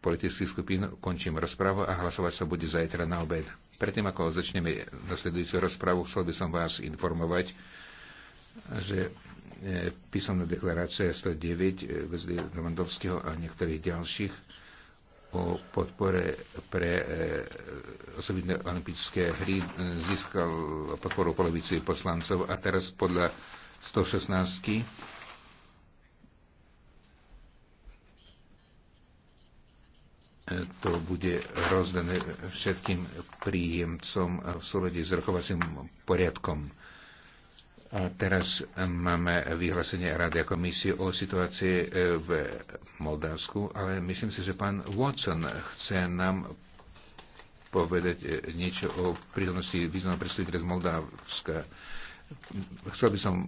politických skupín končím rozpravu a hlasovať sa bude zajtra na obed. Predtým, ako začneme nasledujúcu rozpravu, chcel by som vás informovať, že e, písomná deklarácia 109 e, Vezli Lewandowského a niektorých ďalších o podpore pre e, osobitné olympijské hry získal podporu polovici poslancov a teraz podľa 116 to bude rozdané všetkým príjemcom v súlede s rokovacím poriadkom. A teraz máme vyhlásenie Rady a komisie o situácii e, v Moldavsku, ale myslím si, že pán Watson chce nám povedať e, niečo o prítomnosti významného predstaviteľa z Moldavska. Chcel by som